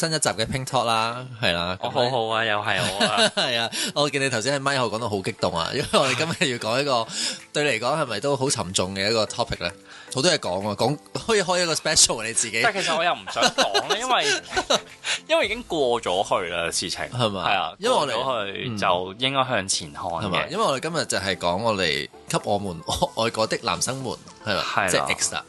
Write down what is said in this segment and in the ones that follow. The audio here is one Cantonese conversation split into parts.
新一集嘅 Pink Talk 啦，係啦，我好好啊，又係我啊，係啊，我見你頭先喺咪後講到好激動啊，因為我哋今日要講一個對你嚟講係咪都好沉重嘅一個 topic 咧，好多嘢講啊，講可以開一個 special 你自己，但其實我又唔想講咧，因為因為已經過咗去啦事情，係咪？係啊，因為我哋過咗去就應該向前看嘅，因為我哋今日就係講我哋給我們外國的男生們係即係 extra，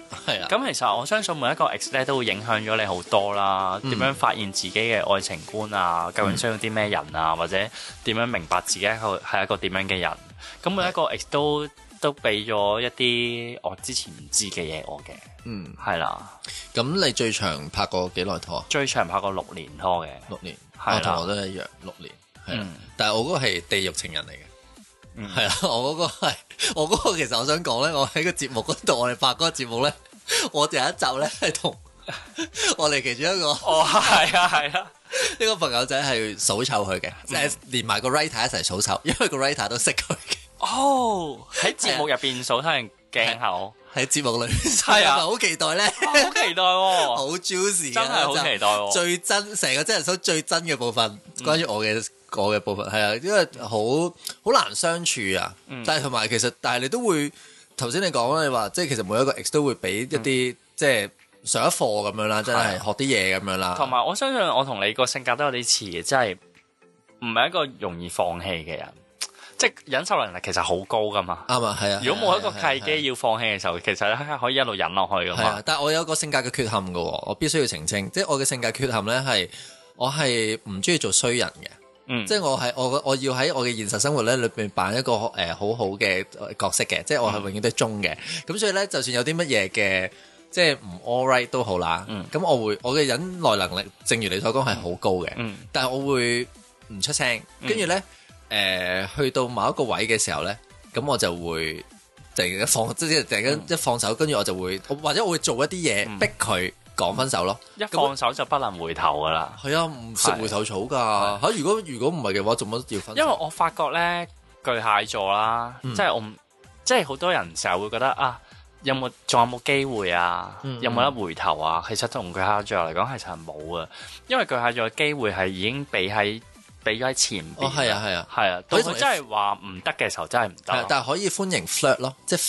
咁其實我相信每一個 extra 都會影響咗你好多啦，點樣發現。自己嘅愛情觀啊，究竟需要啲咩人啊，嗯、或者點樣明白自己係係一個點樣嘅人？咁每、嗯、一個都都俾咗一啲我之前唔知嘅嘢我嘅，嗯，係啦的。咁你最長拍過幾耐拖啊？最長拍過六年拖嘅年的，六年，嗯、我同我都一樣六年。但係我嗰個係地獄情人嚟嘅，係啦、嗯，我嗰個係我嗰個其實我想講咧，我喺個節目嗰度，我哋拍嗰個節目咧，我有一集咧係同。我哋其中一個哦，係啊係啊，呢個朋友仔係數臭佢嘅，即係連埋個 writer 一齊數臭，因為個 writer 都識佢嘅。哦，喺節目入邊數出嚟鏡頭，喺節目裏邊，係啊，好期待咧，好期待，好 juicy，真係好期待，最真，成個真人 show 最真嘅部分，關於我嘅我嘅部分，係啊，因為好好難相處啊，但係同埋其實，但係你都會頭先你講咧，你話即係其實每一個 ex 都會俾一啲即係。上一課咁樣啦，真係學啲嘢咁樣啦。同埋，我相信我同你個性格都有啲似嘅，即係唔係一個容易放棄嘅人，即係忍受能力其實好高噶嘛。啱啊，係啊。如果冇一個契機要放棄嘅時候，其實你可以一路忍落去噶嘛。但係我有個性格嘅缺陷噶，我必須要澄清，即係我嘅性格缺陷咧係我係唔中意做衰人嘅。嗯，即係我係我我要喺我嘅現實生活咧裏邊扮一個誒好好嘅角色嘅，即係我係永遠都係中嘅。咁所以咧，就算有啲乜嘢嘅。即係唔 all right 都好啦，咁、嗯、我會我嘅忍耐能力，正如你所講係好高嘅，但係我會唔出聲，跟住、嗯、呢，誒、呃、去到某一個位嘅時候呢，咁我就會就放即係就一放手，跟住我就會或者我會做一啲嘢、嗯、逼佢講分手咯，一放手就不能回頭噶啦，係我、嗯、啊唔食回頭草噶，吓是如果如果唔係嘅話，做乜要分手？因為我發覺呢，巨蟹座啦，即係我、嗯、即係好多人成日會覺得啊。啊啊啊啊有冇仲有冇機會啊？有冇得回頭啊？其實同巨蟹座嚟講其實係冇啊！因為巨蟹嘅機會係已經俾喺俾咗喺前邊。哦，係啊，係啊，係啊。所以真係話唔得嘅時候真係唔得。但係可以歡迎 flirt 咯，即係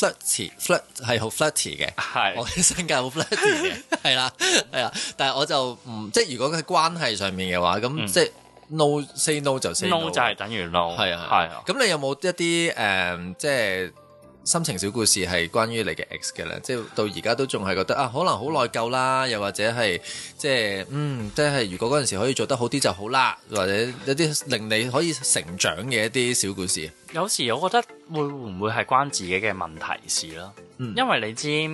flirty，flirt 係好 flirty 嘅。係，我嘅性格好 flirty 嘅。係啦，係啊。但係我就唔即係如果喺關係上面嘅話，咁即係 no say no 就 no 就係等於 no。係啊，係啊。咁你有冇一啲誒即係？心情小故事係關於你嘅 x 嘅啦，即係到而家都仲係覺得啊，可能好內疚啦，又或者係即係嗯，即係如果嗰陣時可以做得好啲就好啦，或者有啲令你可以成長嘅一啲小故事。有時我覺得會唔會係關自己嘅問題事咯？嗯，因為你知，因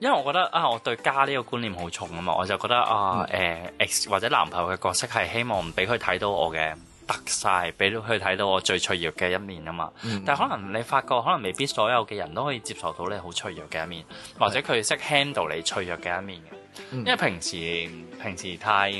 為我覺得啊，我對家呢個觀念好重啊嘛，我就覺得啊，誒，嗯，欸，x 或者男朋友嘅角色係希望唔俾佢睇到我嘅。白曬俾到佢睇到我最脆弱嘅一面啊嘛，嗯、但係可能你發覺可能未必所有嘅人都可以接受到你好脆弱嘅一面，或者佢識 handle 你脆弱嘅一面嘅，嗯、因為平時平時太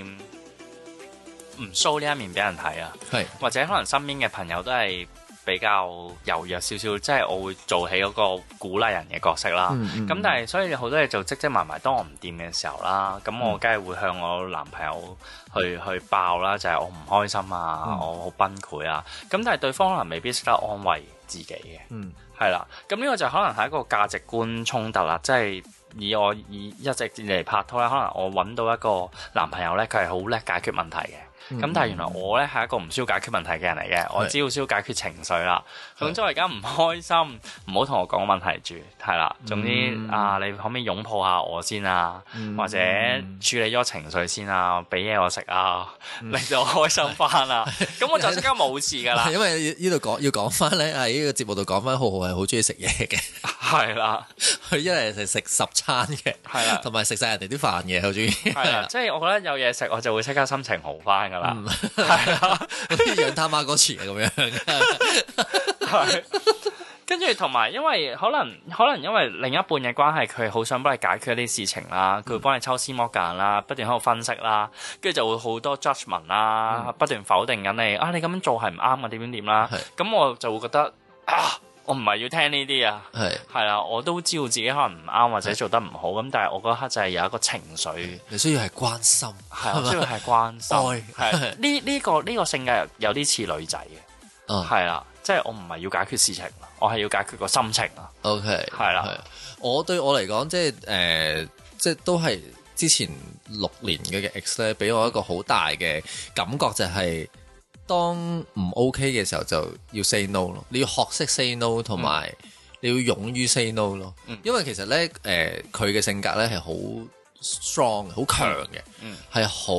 唔 show 呢一面俾人睇啊，係是或者可能身邊嘅朋友都係。比較柔弱少少，即、就、係、是、我會做起嗰個鼓勵人嘅角色啦。咁、嗯嗯、但係所以好多嘢就積積埋埋，當我唔掂嘅時候啦，咁我梗係會向我男朋友去去爆啦，就係、是、我唔開心啊，嗯、我好崩潰啊。咁但係對方可能未必識得安慰自己嘅。嗯，係啦。咁呢個就可能係一個價值觀衝突啦。即、就、係、是、以我以一直嚟拍拖咧，可能我揾到一個男朋友呢，佢係好叻解決問題嘅。咁、嗯、但係原來我咧係一個唔需要解決問題嘅人嚟嘅，是我只要需要解決情緒啦。是總之我而家唔開心，唔好同我講問題住，係啦。嗯、總之啊，你可唔可以擁抱下我先啊？嗯、或者處理咗情緒先啊，俾嘢我食啊，令到我開心翻啦。咁是我就依家冇事噶啦。因為呢度講要講翻咧喺呢個節目度講翻，浩浩係好中意食嘢嘅。 係啦，佢一嚟就食十餐嘅，係啦，同埋食晒人哋啲飯嘅，好中意。即係我覺得有嘢食，我就會即刻心情好翻噶啦。係啊，好似養貪媽歌詞咁樣。係，跟住同埋因為可能可能因為另一半嘅關係，佢好想幫你解決一啲事情啦，佢會幫你抽絲剝繭啦，不斷喺度分析啦，跟住就會好多 judgement 啦，不斷否定緊你啊，你咁樣做係唔啱啊，點點點啦。咁是我就會覺得啊。我唔係要聽呢啲啊，係係啦，我都知道自己可能唔啱或者做得唔好咁，但係我嗰刻就係有一個情緒，你需要係關心，係需要係關心，係呢呢個呢個性格有啲似女仔嘅，係啦，即係我唔係要解決事情，我係要解決個心情啊。OK，係啦，我對我嚟講，即係誒，即係都係之前六年嘅嘅 ex 咧，俾我一個好大嘅感覺就係。當唔 OK 嘅時候就要 say no 咯，你要學識 say no，同埋、嗯、你要勇於 say no 咯。因為其實咧，誒佢嘅性格咧係好 strong，好強嘅，係好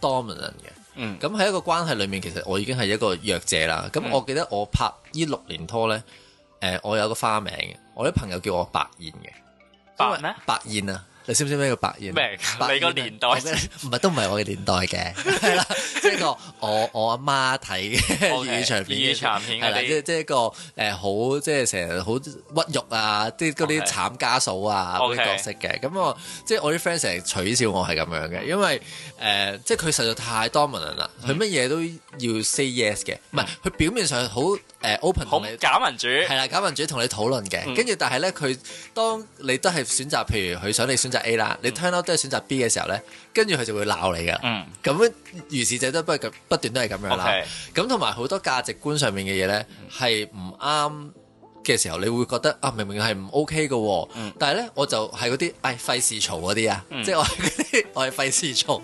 dominant 嘅。咁喺、嗯、一個關係裏面，其實我已經係一個弱者啦。咁我記得我拍呢六年拖咧，誒、呃、我有個花名嘅，我啲朋友叫我白燕嘅，白咩嗎？因為白燕啊！你知唔知咩叫白燕？明，你個年代唔係都唔係我嘅年代嘅，係啦，即係個我我阿媽睇嘅粵語長片，粵語長片即係即係個誒好，即係成日好屈辱啊！啲嗰啲慘家嫂啊，嗰啲角色嘅，咁我即係我啲 friend 成日取笑我係咁樣嘅，因為誒，即係佢實在太 dominant 啦，佢乜嘢都要 say yes 嘅，唔係佢表面上好。誒，open 同你假民主係啦，假民主同你討論嘅，跟住、嗯、但係咧，佢當你都係選擇，譬如佢想你選擇 A 啦，嗯、你 turn 都係選擇 B 嘅時候咧，跟住佢就會鬧你噶。嗯，咁於是者都不不斷都係咁樣啦。咁同埋好多價值觀上面嘅嘢咧，係唔啱嘅時候，你會覺得啊，明明係唔 OK 嘅，嗯。但係咧，我就係嗰啲誒、費、哎、事嘈嗰啲啊，嗯、即係我係嗰啲我係費事嘈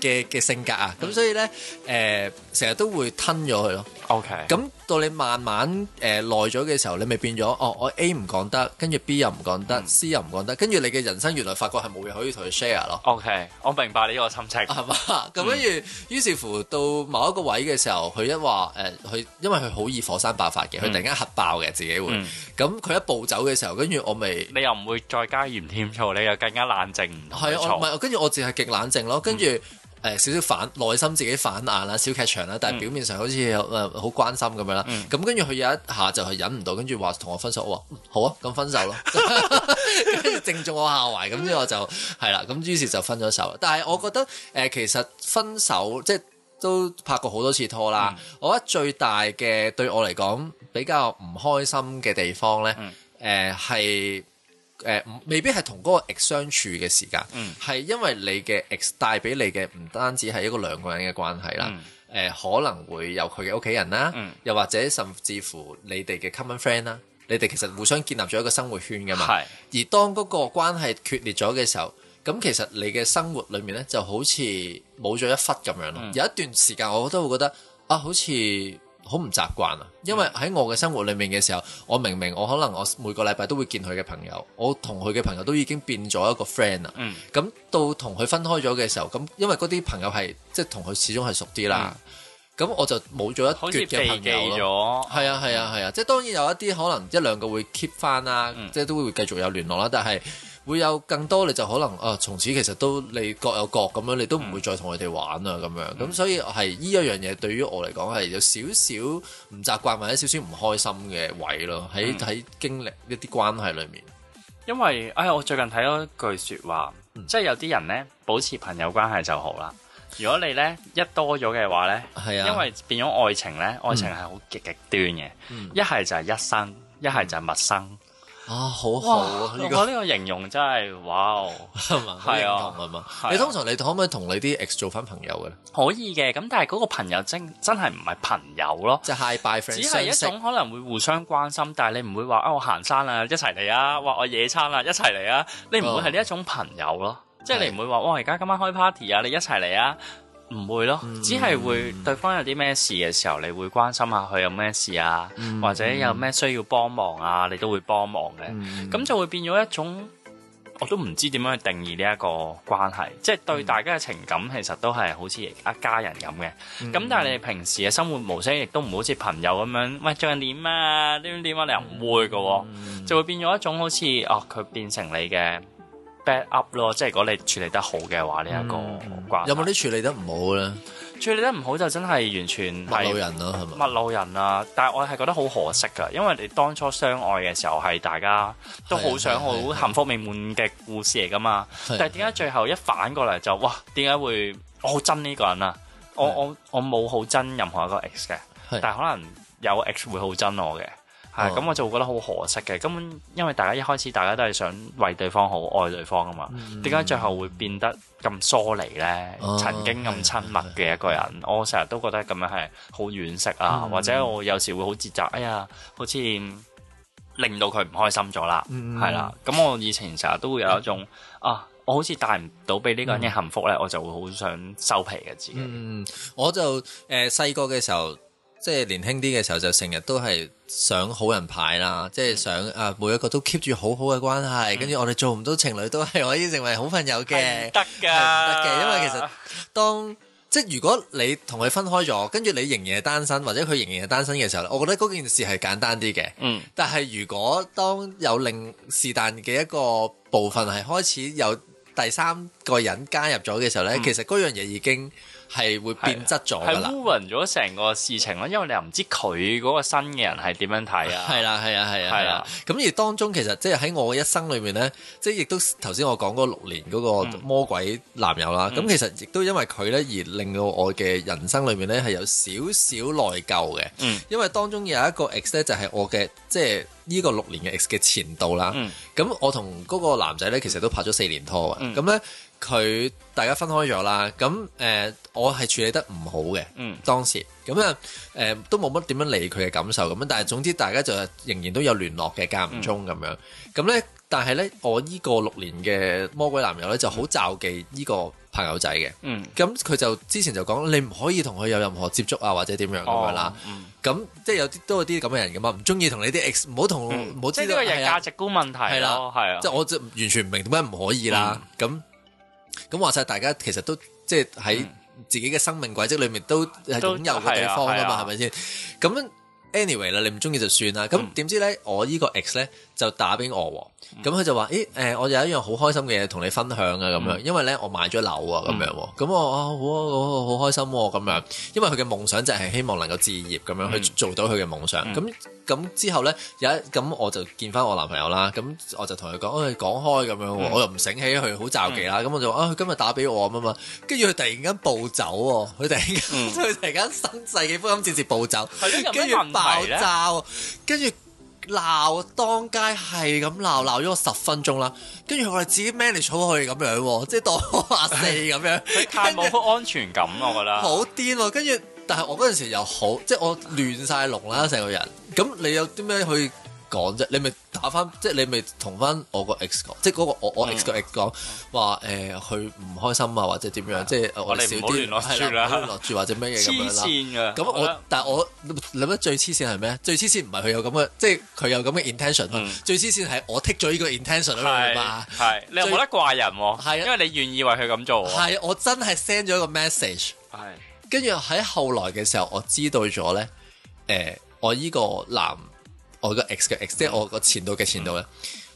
嘅嘅性格啊。咁所以咧，誒，成日、呃、都會吞咗佢咯。O K，咁到你慢慢誒耐咗嘅時候，你咪變咗哦，我 A 唔講得，跟住 B、嗯、又唔講得，C 又唔講得，跟住你嘅人生原來發覺係冇嘢可以同佢 share 咯。O、okay. K，我明白你呢個心情，係嘛、啊？咁、嗯、跟住，於是乎到某一個位嘅時候，佢一話誒，佢、呃、因為佢好易火山爆發嘅，佢突然間核爆嘅自己會，咁佢、嗯嗯、一步走嘅時候，跟住我咪，你又唔會再加鹽添醋，你又更加冷靜。係啊，我唔係，跟住我淨係極冷靜咯、嗯，跟住。跟誒、呃、少少反，內心自己反眼啦，小劇場啦，但係表面上好似誒好關心咁樣啦。咁、嗯、跟住佢有一下就係忍唔到，跟住話同我分手。我話、嗯、好啊，咁分手咯，正 中我下懷。咁之後我就係啦，咁於是就分咗手。但係我覺得誒、呃、其實分手即係都拍過好多次拖啦。嗯、我覺得最大嘅對我嚟講比較唔開心嘅地方咧，誒係、嗯。呃誒、呃、未必係同嗰個 x 相處嘅時間，係、嗯、因為你嘅 x 帶俾你嘅唔單止係一個兩個人嘅關係啦，誒、嗯呃、可能會有佢嘅屋企人啦，嗯、又或者甚至乎你哋嘅 common friend 啦，你哋其實互相建立咗一個生活圈㗎嘛。是而當嗰個關係決裂咗嘅時候，咁其實你嘅生活裡面咧就好似冇咗一忽咁樣咯。嗯、有一段時間我覺得會覺得啊，好似～好唔習慣啊！因為喺我嘅生活裏面嘅時候，我明明我可能我每個禮拜都會見佢嘅朋友，我同佢嘅朋友都已經變咗一個 friend 啦。咁、嗯、到同佢分開咗嘅時候，咁因為嗰啲朋友係即係同佢始終係熟啲啦。咁、嗯、我就冇咗一橛嘅朋友咯。係啊，係啊，係啊，啊，啊，即係當然有一啲可能一兩個會 keep 翻啊，嗯、即係都會繼續有聯絡啦，但係，會有更多你就可能啊，從此其實都你各有各咁樣，你都唔會再同佢哋玩啦咁樣。咁所以係呢一樣嘢，對於我嚟講係有少少唔習慣，或者少少唔開心嘅位咯。喺喺經歷一啲關係裏面，因為哎呀，我最近睇咗一句說話，即係有啲人呢，保持朋友關係就好啦。如果你呢一多咗嘅話呢，係啊，因為變咗愛情呢，愛情係好極極端嘅，一係就係一生，一係就係陌生。啊，好好、啊！我覺得呢個形容真係，哇、哦，係啊，啊你通常你可唔可以同你啲 ex 做翻朋友嘅咧？可以嘅，咁但係嗰個朋友真真係唔係朋友咯，即係 high five friend 只係一種可能會互相關心，但係你唔會話啊、哦，我行山啊，一齊嚟啊，或我野餐啊，一齊嚟啊，你唔會係呢一種朋友咯，oh. 即係你唔會話，哇、哦，而家今晚開 party 啊，你一齊嚟啊。唔會咯，只係會對方有啲咩事嘅時候，你會關心下佢有咩事啊，嗯、或者有咩需要幫忙啊，你都會幫忙嘅。咁、嗯、就會變咗一種，我都唔知點樣去定義呢一個關係，即係對大家嘅情感其實都係好似一家人咁嘅。咁、嗯、但係你平時嘅生活模式亦都唔好似朋友咁樣，喂，最近點啊？點點啊？你又唔會㗎，嗯、就會變咗一種好似哦，佢變成你嘅。up 咯，即係如果你處理得好嘅話，呢、嗯、一個有冇啲處理得唔好咧？處理得唔好就真係完全陌路人咯、啊，係咪？陌路人啦、啊，但係我係覺得好可惜噶，因為你當初相愛嘅時候係大家都好想好幸福美滿嘅故事嚟噶嘛，但係點解最後一反過嚟就哇？點解會我好憎呢個人啊？我的我我冇好憎任何一個 ex 嘅，的但係可能有 ex 會好憎我嘅。咁我就會覺得好可惜嘅，根本因為大家一開始大家都係想為對方好、愛對方啊嘛，點解最後會變得咁疏離呢？曾經咁親密嘅一個人，我成日都覺得咁樣係好惋惜啊！或者我有時會好自責，哎呀，好似令到佢唔開心咗啦，係啦。咁我以前成日都會有一種啊，我好似帶唔到俾呢個人嘅幸福呢，我就會好想收皮嘅自己。我就誒細個嘅時候。即係年輕啲嘅時候就成日都係想好人牌啦，嗯、即係想啊、呃、每一個都 keep 住好好嘅關係，跟住、嗯、我哋做唔到情侶都係可以成為好朋友嘅，得㗎，得嘅，因為其實當即如果你同佢分開咗，跟住你仍然係單身或者佢仍然係單身嘅時候，我覺得嗰件事係簡單啲嘅，嗯，但係如果當有另是但嘅一個部分係開始有第三個人加入咗嘅時候呢、嗯、其實嗰樣嘢已經。係會變質咗，係污穢咗成個事情啦，因為你又唔知佢嗰個新嘅人係點樣睇啊？係啦，係啊，係啊。係啦。咁的而當中其實即係喺我嘅一生裏面呢，即係亦都頭先我講嗰六年嗰個魔鬼男友啦。咁、嗯、其實亦都因為佢呢而令到我嘅人生裏面呢係有少少內疚嘅。嗯、因為當中有一個 ex 呢，就係我嘅，即係呢個六年嘅 ex 嘅前度啦。咁、嗯、我同嗰個男仔呢，其實都拍咗四年拖嘅。咁、嗯、呢。佢大家分開咗啦，咁誒我係處理得唔好嘅，當時咁啊，誒都冇乜點樣理佢嘅感受咁，但係總之大家就仍然都有聯絡嘅，間唔中咁樣。咁咧，但係咧我呢個六年嘅魔鬼男友咧就好詐忌呢個朋友仔嘅，咁佢就之前就講你唔可以同佢有任何接觸啊，或者點樣咁樣啦。咁即係有啲都有啲咁嘅人咁啊，唔中意同你啲 ex 唔好同冇。即係呢個人價值觀問題咯，係啊，即係我完全唔明點解唔可以啦，咁。咁話晒，大家其實都即係喺自己嘅生命軌跡裏面都係擁有嘅地方啊嘛，係咪先？咁 anyway 啦，你唔中意就算啦。咁點、嗯、知咧，我呢個 X 咧就打俾我。咁佢、嗯、就話，誒，誒，我有一樣好開心嘅嘢同你分享啊，咁、嗯嗯、樣，樣，因為咧我買咗樓啊，咁樣，咁我好，好開心咁樣，因為佢嘅夢想就係希望能夠置業，咁樣、嗯、去做到佢嘅夢想，咁、嗯，咁、嗯、之後咧，有，一，咁我就見翻我男朋友啦，咁我就同佢講，我哋講開咁樣，我又唔醒起佢好着忌啦，咁我就話，啊、嗯嗯嗯，今日打俾我啊嘛，跟住佢突然間暴走，佢突然間，佢突然間生世幾音直接暴走，跟住爆炸，跟住。鬧當街係咁鬧鬧咗我十分鐘啦，跟住我哋自己 manage 好佢咁樣，即係當阿四咁樣，太冇 安全感我覺得。 好癲喎、哦！跟住，但係我嗰陣時又好，即係我亂晒龍啦成個人。咁你有啲咩去？講啫，你咪打翻，即係你咪同翻我個 ex 講，即係嗰個我我 ex 個 ex 講話誒，佢唔開心啊，或者點樣，即係我少聯絡住啦，聯絡住或者咩嘢咁樣。黐線㗎，咁我但係我諗得最黐線係咩？最黐線唔係佢有咁嘅，即係佢有咁嘅 intention 最黐線係我剔咗呢個 intention 咯，明白啊？係你冇得怪人喎，係因為你願意為佢咁做。係我真係 send 咗一個 message，係跟住喺後來嘅時候，我知道咗咧，誒，我依個男。我個 x 嘅 x，即係我個前度嘅前度咧，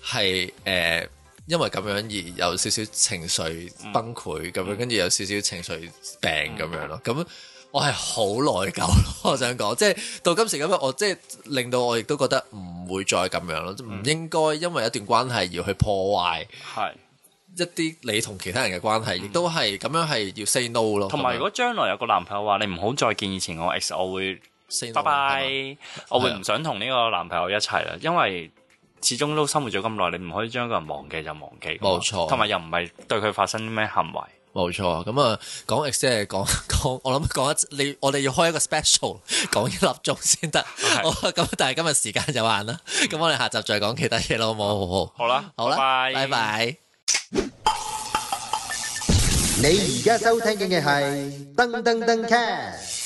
係誒、嗯呃，因為咁樣而有少少情緒崩潰咁、嗯、樣，跟住有少少情緒病咁、嗯、樣咯。咁我係好內疚，我想講，即係到今時咁樣，我即係令到我亦都覺得唔會再咁樣咯，唔、嗯、應該因為一段關係而去破壞係一啲你同其他人嘅關係，亦都係咁樣係要 say no 咯有。同埋如果將來有個男朋友話你唔好再見以前我 x，我會。拜拜！我會唔想同呢個男朋友一齊啦， 因為始終都生活咗咁耐，你唔可以將一個人忘記就忘記，冇錯、啊。同埋又唔係對佢發生啲咩行為，冇錯。咁啊，講即係講講，我諗講一，你我哋要開一個 special 講一,一粒鐘先得。好， 咁但係今日時間就晏啦。咁我哋下集再講其他嘢咯，好冇？好啦，好啦，拜拜。你而家收聽緊嘅係噔噔噔 c